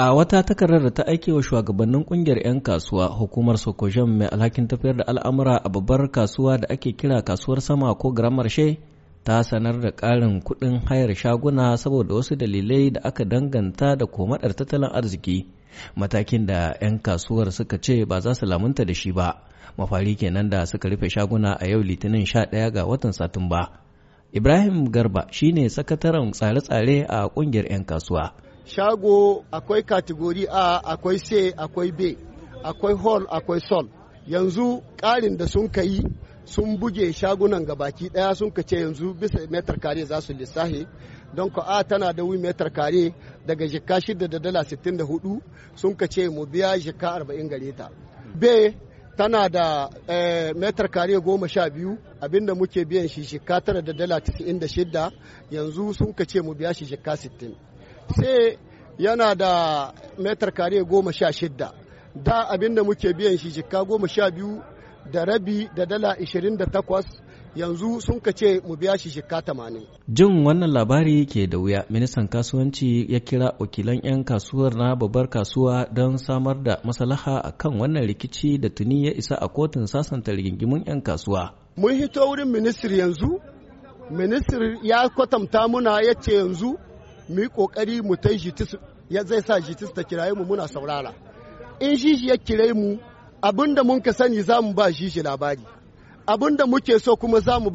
A wata takarar da ta aike wa shugabannin kungiyar 'yan kasuwa hukumar Sokojan mai alhakin tafiyar da al'amura a babbar kasuwa da ake kira kasuwar sama ko she ta sanar da ƙarin kuɗin hayar shaguna saboda wasu dalilai da aka danganta da komadar tattalin arziki matakin da 'yan kasuwar suka ce ba za su lamunta da shi ba mafari kenan da suka rufe shaguna a yau litinin sha 11 ga watan satumba ibrahim garba shine sakataren tsare-tsare a ƙungiyar 'yan kasuwa shago akwai kategori a akwai c akwai b akwai hall akwai sol yanzu ƙarin da sun ka yi sun buge shagunan gabaki daya sun ka ce yanzu bisa metar kare za su lissahi don ko a tana da wi metar kare daga jika shida da dala 64 sun ka ce mu biya jika 40 gare ta b tana da eh, metar kare goma sha biyu abinda muke biyan shi jikka tara da dala 96 yanzu sun ka ce mu biya shi jikka 60 sai yana da metar kare goma sha shidda da abin da muke biyan shi jikka goma sha biyu da rabi da dala ishirin da takwas yanzu sun ka ce mu biya shi shekka tamanin. Jin wannan labari ke da wuya ministan kasuwanci ya kira wakilan 'yan kasuwar na babbar kasuwa don samar da masalaha a kan wannan rikici da tuni ya isa a kotun sasanta rigingimun 'yan kasuwa. Mun hito wurin ministir yanzu, ministir ya kwatamta muna ya ce yanzu mu yi kokari mu ta yi ya zai sa jitis ta kiraye mu muna saurara in shi ya kiraye mu abinda mun ka sani za mu ba shi labari abinda muke so kuma za mu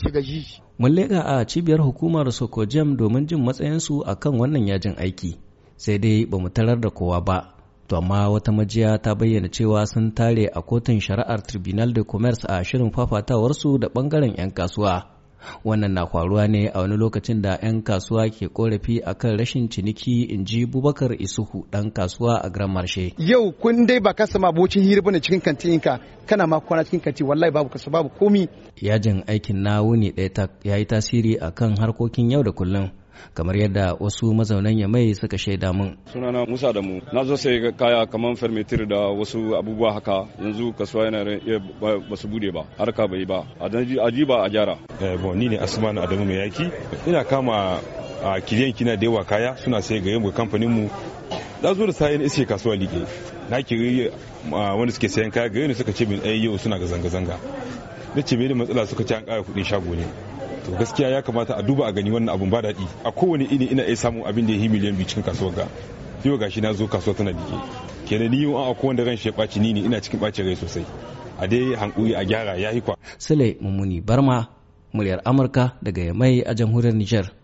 shi ga shi mun leƙa a cibiyar hukumar sokojem domin jin matsayinsu a kan wannan yajin aiki sai dai ba mu tarar da kowa ba to amma wata majiya ta bayyana cewa sun tare a kotun shari'ar tribunal de commerce a shirin fafatawarsu da bangaren 'yan kasuwa wannan na faruwa ne a wani lokacin da 'yan kasuwa ke korafi kan rashin ciniki in ji bubakar isuhu dan kasuwa a gran marshe yau kun dai ba kasa bocin hira bane cikin kantinka kana ma kwana cikin kanti wallahi babu kasa babu komi yajin aikin na wuni ɗaya ya yi tasiri akan harkokin yau da kullum kamar yadda wasu mazaunan yamai suka shaida mun sunana musa da mu na zo sai kaya kamar fermetir da wasu abubuwa haka yanzu kasuwa yana ba su bude ba harka bai ba a ji ba a gyara eh, ni ne asman adamu mai yaki ina kama a kiliyan kina da yawa kaya suna sai ga yamma kamfanin mu da zo da sayan iske kasuwa liƙe na kiri wanda suke sayan kaya ga yau suka ce min eh, yau suna ga zanga-zanga na ce da matsala suka ce an kaya kuɗin shago ne to gaskiya ya kamata a duba a gani wannan abun ba daɗi a kowane ini ina iya samun abin da ya yi miliyan biyu cikin kasuwar ga yau gashi na zo kasuwa tana dike kenan ni yau a kowane ran shi ya ɓaci ni ne ina cikin ɓacin rai sosai a dai hankuri a gyara ya yi kwa. sule mummuni barma muryar amurka daga yamai a jamhuriyar nijar.